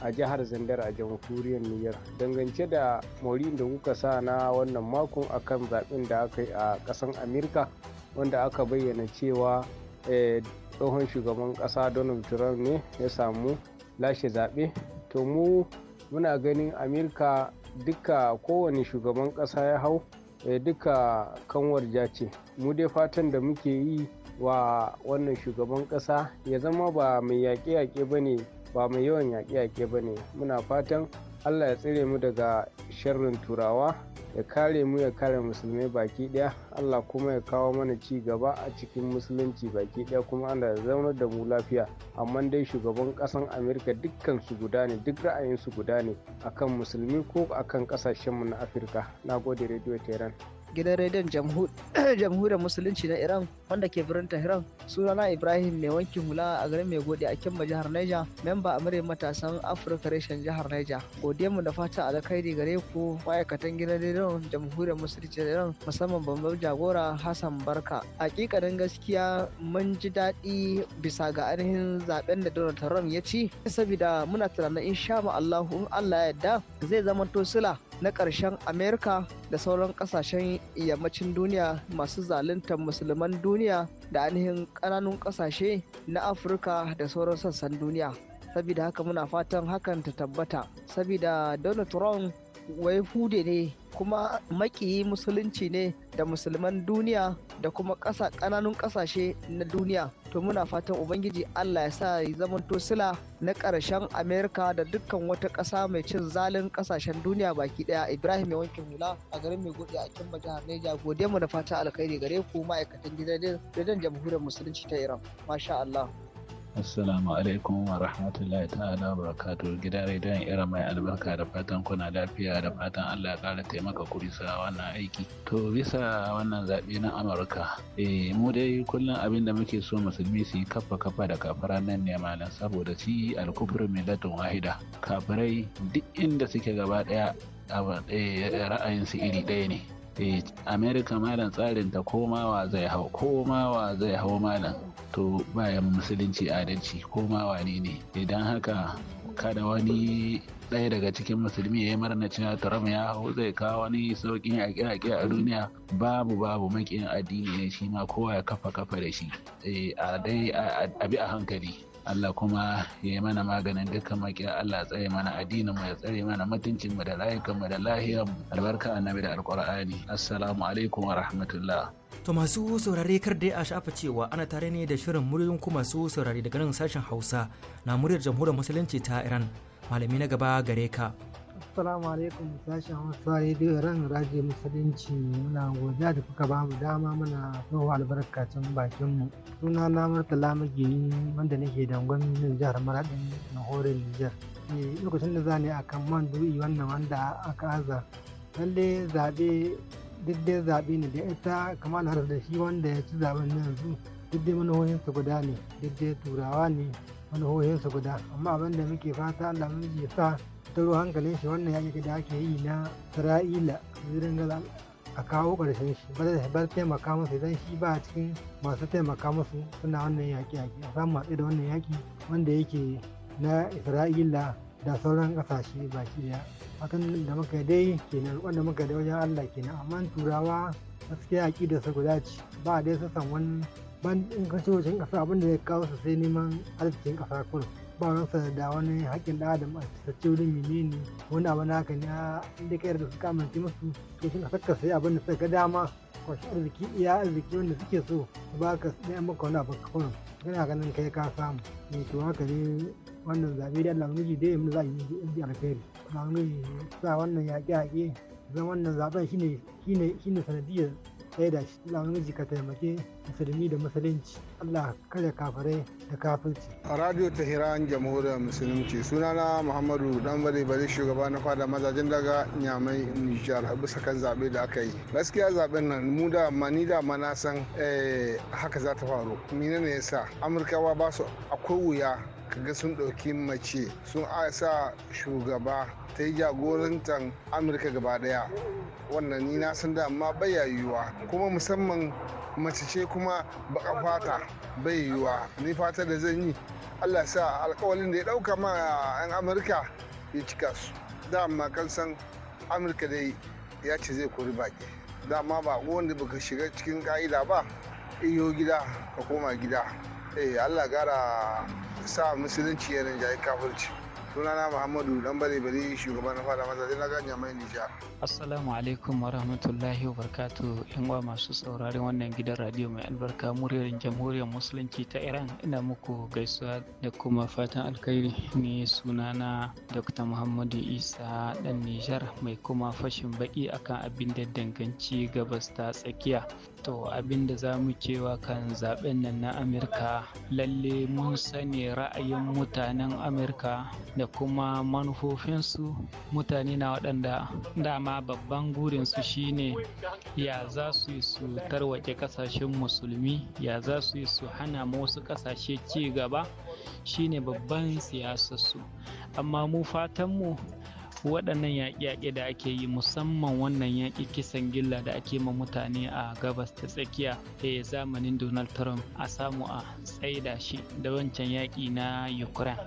a jihar Zandar a jamhuriyar Niger. Dangance da morin da kuka sa na wannan makon akan zaɓen da aka yi a ƙasan Amerika wanda aka bayyana cewa eh, tsohon shugaban ƙasa Donald Trump ne ya samu lashe zaɓe. To mu muna ganin Amerika duka kowane shugaban ƙasa ya hau Eh, duka kanwar ja ce mu dai fatan da muke yi wa wannan shugaban ƙasa ya zama ba mai yaƙe-yaƙe ba ne ba mai yawan yaƙe-yaƙe ba ne muna fatan allah ya tsire mu daga sharrin turawa ya kare mu ya kare musulmai baki daya allah kuma ya kawo mana ci gaba a cikin musulunci baki daya kuma anda ya zaunar da mu lafiya amma dai shugaban kasan amerika dukkan su guda ne duk ra'ayin su guda ne akan musulmi ko akan kasashen mu na afirka na gode radio tehran gidan rediyon *clears throat* jamhuriyar musulunci na iran wanda ke birnin tehran sunana ibrahim mai wankin hula a garin mai gode a kimba jihar naija memba amurin matasan afirka reshen jihar naija Godiyanmu da fatan alkhairi gare ku ma'aikatan gidan rediyon jamhuriyar musulunci na iran musamman bambam jagora hassan barka hakikanin gaskiya mun ji daɗi bisa ga ainihin zaben da donald trump ya ci saboda muna tunanin insha Allah in Allah ya yadda zai zama tosila na ƙarshen amerika da sauran ƙasashen yammacin duniya masu zaluntar musulman duniya da ainihin ƙananun ƙasashe na afirka da sauran sassan duniya saboda haka muna fatan hakan ta tabbata saboda donald trump wai hude ne kuma maƙiyi musulunci ne da musulman duniya da kuma ƙasa ƙananun ƙasashe na duniya to muna fatan ubangiji allah ya sa ya zamanto sila na ƙarshen amerika da dukkan wata ƙasa mai cin zalin ƙasashen duniya baki ɗaya ibrahim ya wanke hula a garin mai gode a cikin jihar neja gode mu da fatan alkhairi gare ku ma'aikatan gidajen jamhuriyar musulunci ta iran masha allah Assalamu alaikum wa rahmatullahi ta'ala wa barakatu gidan rediyon irin mai albarka da fatan kuna lafiya da fatan Allah ya kara taimaka ku bisa wannan aiki. To bisa wannan zaɓe na Amurka, eh mu dai kullum abin da muke so musulmi su yi kafa kafa da kafara nan ne malam saboda ci alkufur milatun wahida. Kafirai duk inda suke gaba ɗaya eh, ra'ayinsu iri ɗaya ne. Amerika malam tsarin ta komawa zai hau komawa malam to bayan musulunci adalci komawa ne ne idan haka kada wani ɗaya daga cikin musulmi ya yi murna cewa Trump ya hau zai kawo wani sauƙin a yaƙe a duniya babu babu maƙiyan addini ne shi ma kowa ya kafa kafa da shi eh, a dai a bi a hankali Allah kuma ya yi mana maganin dukkan makiya Allah tsare mana addinin mu ya tsare mana mutuncin mu da layukan mu da lahiyar mu albarka annabi da alqur'ani assalamu alaikum wa rahmatullah to masu saurare kar dai a shafa cewa ana tare ne da shirin muryoyin ku masu saurare daga nan sashen Hausa na muryar jamhuriyar musulunci ta Iran malami na gaba gare ka Assalamu alaikum sashen Hausa Radio ran raje Musulunci muna godiya da kuka ba mu dama muna tsoho albarkacin bakin mu. Suna na Murtala Magini wanda nake dangon jihar Maradin na Horin Nijar. Eh, lokacin da zane a kan man du'i wannan wanda aka aza. Lalle zaɓe duk dai zaɓe ne da ita kamar har da shi wanda ya ci zaɓen yanzu duk dai su guda ne duk dai turawa ne su guda amma abin da muke fata Allah mu sa taro hankalin shi wannan yaƙi da ake yi na isra'ila zirin gaza a kawo ƙarshen shi ba zai bar taimaka musu idan shi ba a cikin masu taimaka musu suna wannan yaƙi yaƙi a samu matsayi da wannan yaƙi wanda yake na isra'ila da sauran ƙasashe baki daya hakan da muka dai kenan wanda muka dai wajen allah kenan amma turawa gaskiya yaƙi da su guda ce ba dai su san wani ban in kashe wajen ƙasa abinda ya kawo su sai neman arzikin ƙasa kurum ba baransa da wani haƙƙin ɗan adam a tsarce wurin menene wani abu na haka ne a inda ka da suka amince musu to suna saka sai abin da suka ga dama kwashi arziki iya arziki wanda suke so ba ka an maka wani abu ka kawai kana ganin kai ka samu ne to haka ne wannan zaɓe da Allah miji dai mun za a yi inji alkhairi Allah miji sa wannan yaƙi-yaƙi zan wannan zaɓen shine shine shine sanadiyar da shi Allah ubangiji ka taimake musulmi da musulunci Allah kada kafirai da kafirci a radio hiran jamhuriyar musulunci sunana muhammadu dan bare bare shugaba na fada mazajen daga nyamai nijar bisa kan zaɓe da aka yi gaskiya zaben nan mu da ma da ma san eh, haka za ta faru ya yasa amurkawa ba su akwai wuya kaga sun ɗauki mace sun sa shugaba ta yi jagorantar amurka gaba daya wannan ni na san da amma bai yiwuwa kuma musamman mace ce kuma baka fata bai yiwuwa ni fata da zan yi allah sa alkawalin da ya ɗauka ma 'yan amurka ya cika su dama kan san amurka dai ya ce zai kori baki dama ba wanda baka shiga cikin ka'ida ba iyo gida ka koma gida eh Allah gara sa musulunci ya jayi kafirci sunana muhammadu dan bari bari shugaban na fada maza na ganya mai nija assalamu alaikum wa rahmatullahi wa barkatu yan uwa masu sauraron wannan gidan radio mai albarka muryar jamhuriyar musulunci ta iran ina muku gaisuwa da kuma fatan alkhairi ne sunana dr muhammadu isa dan nijar mai kuma fashin baki akan abin da danganci gabas ta tsakiya to abin da za mu cewa kan zaben nan na amurka lalle mun sani ra'ayin mutanen amurka da kuma manufofinsu mutane na waɗanda dama babban gurinsu shine ya za su yi su tarwake ƙasashen musulmi ya za su yi su hana wasu ƙasashe ci gaba shine babban siyasarsu amma mu fatanmu waɗannan yaƙe-yaƙe da ake yi musamman wannan yaƙi kisan gilla da ake ma mutane a gabas ta tsakiya da eh, zamanin donald trump a samu a tsaida shi da wancan yaƙi na ukraine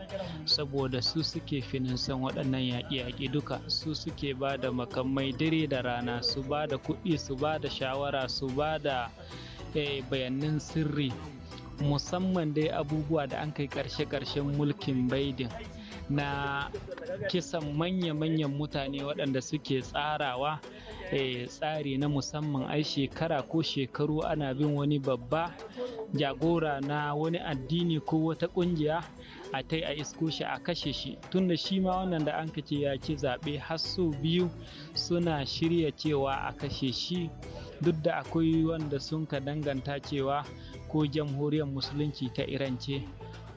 saboda su suke finin son waɗannan yaƙe-yaƙe duka su suke ba da makamai dare da rana su ba da kuɗi su ba da shawara su ba da eh, bayanan sirri musamman dai abubuwa da an kai ƙarshe-ƙarshen mulkin biden na kisan manya-manyan mutane waɗanda suke tsarawa eh, tsari na musamman ai shekara ko shekaru ana bin wani babba jagora na wani addini ko wata ƙungiya a tai a isko shi a kashe shi tunda shi ma wannan da an kace ya ci zaɓe har sau biyu suna shirya cewa a kashe shi duk da akwai wanda sun ka danganta cewa ko jamhuriyar musulunci ta iran ce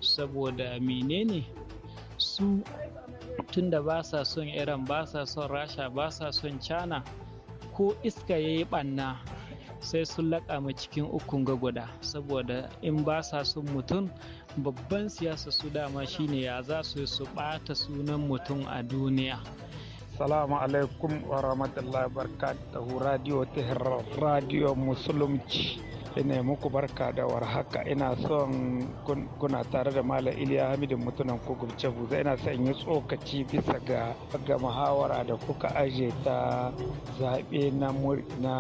saboda menene su tunda ba sa son iran ba sa son rasha ba sa son china ko iska ya yi ɓanna sai sun laƙa cikin ukun guda saboda in ba sa son mutum babban siyasa su dama shine ya za su su ɓata sunan mutum a duniya Salamu alaikum wa rahmatullahi barkatuhu radio tehran radio musulunci ina muku barka da warhaka ina son kuna tare da malam iliya hamidin mutunan kogurce buza ina son yi tsokaci bisa ga ga muhawara da kuka aje ta zaɓe na na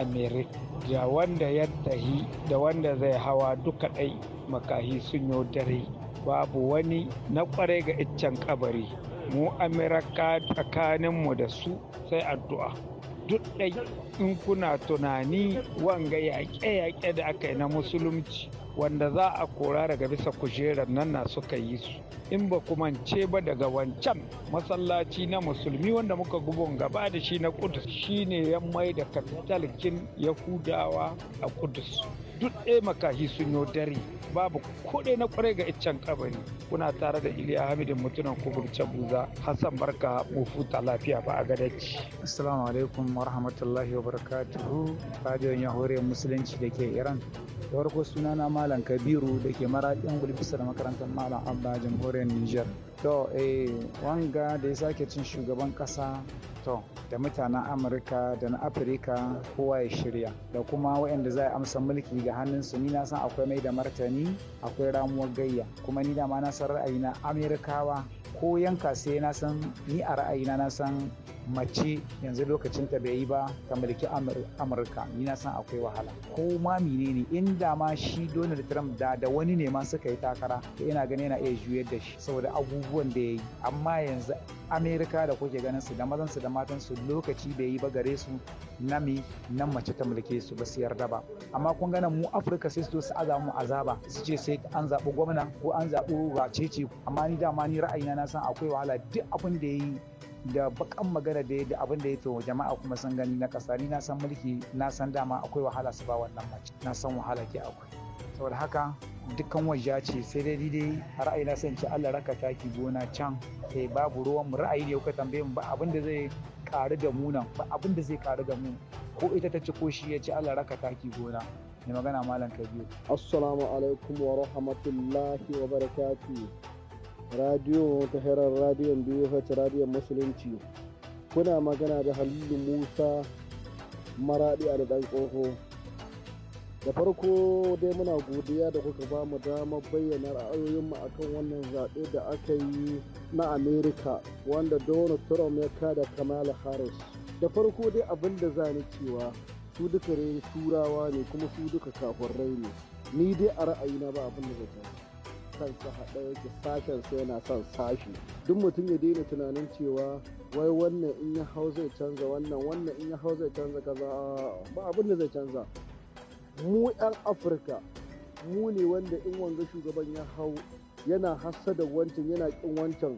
amerika da wanda ya tahi da wanda zai hawa duka ɗai makahi sun yi dare babu wani na kwarai ga iccen kabari mu amerika tsakaninmu da su sai addu'a duk ɗai in kuna tunani wanga yaƙe-yaƙe da aka yi na musulunci wanda za a kora daga bisa kujerar nan na suka yi su in ba ce ba daga wancan masallaci na musulmi wanda muka gubon gaba da shi na kudus shine ya mai da kafitalkin yahudawa a kudus duk ɗaya makahi sun yi dare babu kuɗe na kwarai ga iccen kabari kuna tare da iliya hamidin mutunan kuburce cabuza hassan barka mu lafiya ba a gadaci assalamu alaikum wa rahmatullahi wa barakatuhu radiyon yahoriyar musulunci da ke iran da farko suna ma malam kabiru da ke mara maraɗin gulbisa da makarantar malam abba jamhuriyar niger to eh wanga da ya sake cin shugaban ƙasa to da mutanen amurka da na afirka kowa ya shirya da kuma waɗanda za a amsa mulki ga hannunsu ni na san akwai mai da martani akwai ramuwar gayya kuma ni dama na san ra'ayi na Amurkawa. ko yanka sai na san ni a ra'ayina na san mace yanzu lokacin ta bai yi ba ta mulki amurka ni na san akwai wahala ko ma menene inda ma shi donald trump da da wani ne ma suka yi takara to ina ganin yana iya juyar da shi saboda abubuwan da ya yi amma yanzu amerika da kuke ganin su da mazan su da matan su lokaci bai yi ba gare su na me nan mace ta mulke su ba su yarda ba amma kun gana mu afirka sai su su azaba su ce sai an zaɓi gwamna ko an zaɓi wacece amma ni dama ni ra'ayina na san akwai wahala duk abin da ya yi da bakan magana da da abin da ya to jama'a kuma sun gani na kasa ni na san mulki na san dama akwai wahala su ba wannan mace na san wahala ke akwai saboda haka dukkan wajja ce sai dai dai dai ra'ayi na san ce Allah raka taki gona can eh babu ruwan mu ra'ayi ne kuka tambaye mu ba abin da zai karu da mu nan ba abin da zai karu da mu ko ita ta ci ko shi ya ci Allah raka taki gona ne magana malam kabiru assalamu alaikum wa rahmatullahi wa barakatuh radio radiyo tahirar radiyon BOH radiyon musulunci kuna magana da halilu musa maraɗi a da ɗan tsoho da farko dai muna godiya da kuka ba mu damar bayyana ra'ayoyinmu a kan wannan zaɓe da aka yi na america wanda donald trump ya kada kamala harris da farko dai abin da za ni cewa su duka turawa ne kuma su duka kafurai ne ni dai a ra'ayina ba abin da zai kansa haɗa yake sashen sai yana son sashi duk mutum ya daina tunanin cewa wai wannan in ya hau zai canza wannan wannan in ya hau zai canza kaza ba abin da zai canza mu 'yan afirka mu ne wanda in wanga shugaban ya hau yana da wancan yana kin wancan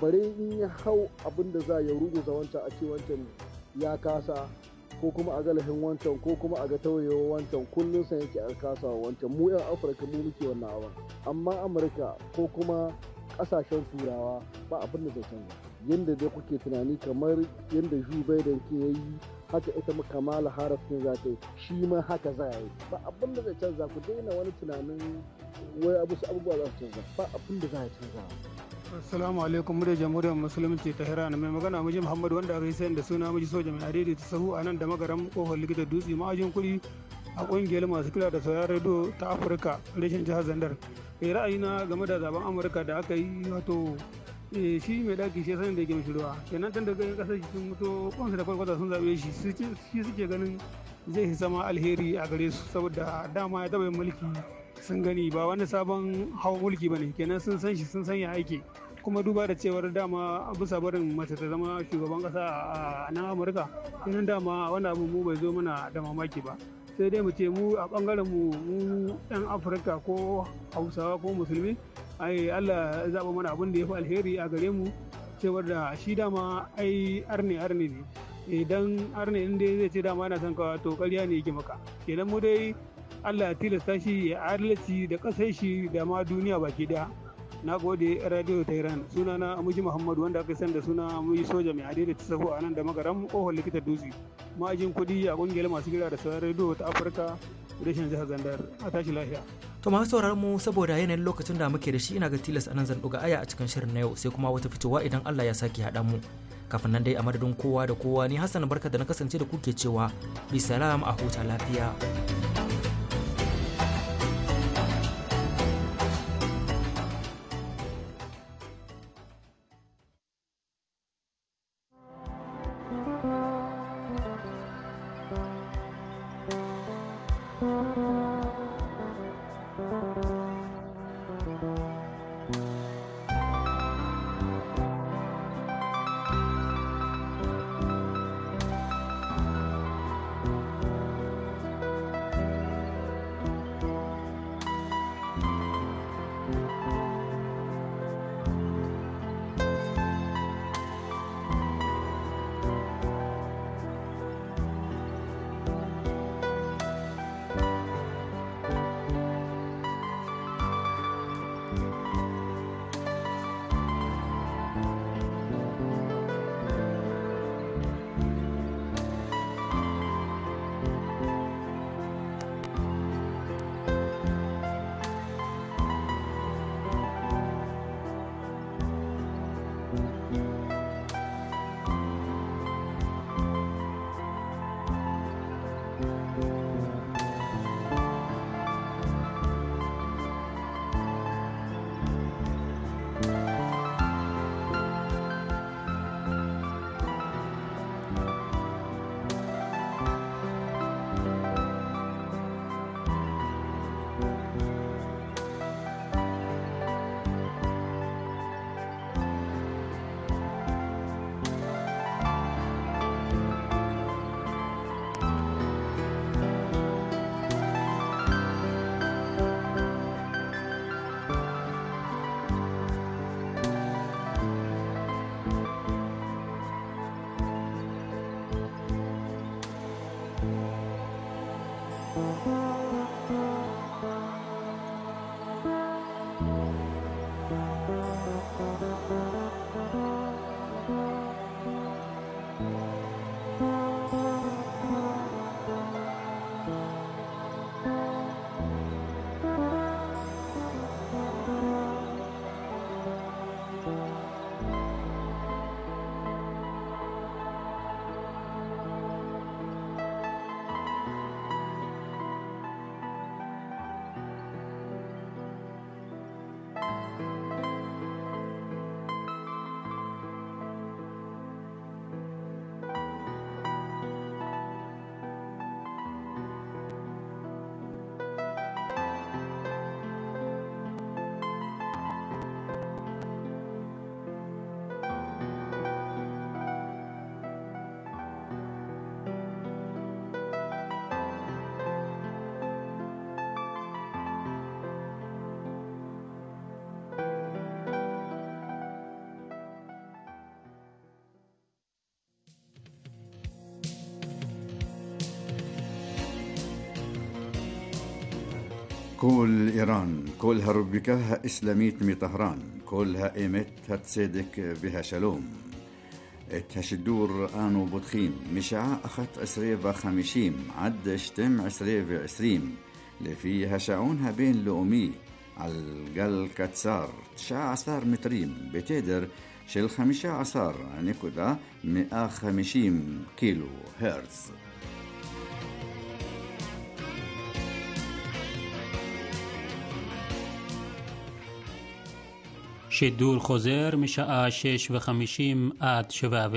bare in ya hau abin da za ya ruguza wancan a ce wancan ya kasa ko kuma a galahin wancan ko kuma a ga tauyewa wancan kullum san yake an kasawa wancan mu yan afirka mu muke wannan abin amma amurka ko kuma kasashen turawa ba abin da zai canza yadda dai kuke tunani kamar yadda ju biden ke yi haka ita kamala harris ne za ta yi shi ma haka za yi ba abin da zai canza ku daina wani tunanin wai abu su abubuwa za su canza ba abin da za ya canza Assalamu alaikum muryar jamhuriyar musulunci ta Iran mai magana miji Muhammadu wanda aka yi sayan da suna miji soja mai adidi ta sahu a nan da magaram kofar likita dutse ma'ajin kuɗi a kungiyar masu kira da sauran rediyo ta Afirka rashin jihar Zandar. Mai ra'ayina game da zaben Amurka da aka yi wato eh, shi mai daki shi sanin da yake mishi ruwa kenan tun daga kasar shi sun mutu kwanse da kwarkwata sun zaɓe shi shi suke ganin zai zama alheri a gare su saboda dama ya taɓa yin mulki sun gani ba wani sabon hawan mulki ba ne kenan sun san shi sun sanya aiki kuma duba da cewar dama bisa barin mace ta zama shugaban kasa a nan amurka kenan dama wanda abu mu bai zo mana da mamaki ba sai dai mu ce mu a bangaren mu mu dan afirka ko hausawa ko musulmi ai allah zaba mana abin da ya fi alheri a gare mu cewar da shi dama ai arne arne ne idan arne inda zai ce dama yana son ka to ƙarya ne yake maka kenan mu dai Allah ya tilasta shi ya adalci da ƙasar shi da ma duniya baki daya. Na gode Radio suna na Amuji Muhammadu wanda aka san da suna Amuji Soja mai adai da tasahu a nan da magaram ƙofar likita dutse. Ma'ajin kuɗi a ƙungiyar masu gida da sauran rediyo ta Afirka rashin jihar Zandar a tashi lafiya. To masu sauraron mu saboda yanayin lokacin da muke da shi ina ga tilas nan zan ɗuga aya a cikin shirin na yau sai kuma wata fitowa idan Allah ya sake haɗa mu. Kafin nan dai a madadin kowa da kowa ni Hassan barka da na kasance da kuke cewa bisalam a huta lafiya. كل إيران كلها ربكها إسلاميت مي طهران كلها إيمت هتسيدك بها شلوم الدور آنو بطخيم مشاع أخت عسرية خمشيم عد شتم عسرية وعسريم لفي هشعونها بين لؤمي على كتسار تشاع عصار متريم بتدر عصار نكودا مئة خمشيم كيلو هرتز שידור חוזר משעה 6 ו עד 7 ו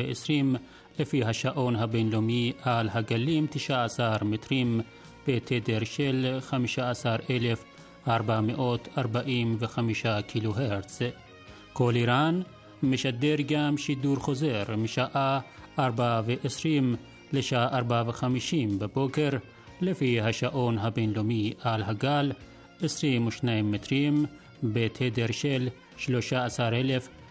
לפי השעון הבינלאומי על הגלים 19 מטרים בתדר של 15,445 קילו הרץ. כל איראן משדר גם שידור חוזר משעה 4 ו לשעה 4 בבוקר לפי השעון הבינלאומי על הגל 22 מטרים בתדר של 15,445 شلوشا أسار هلف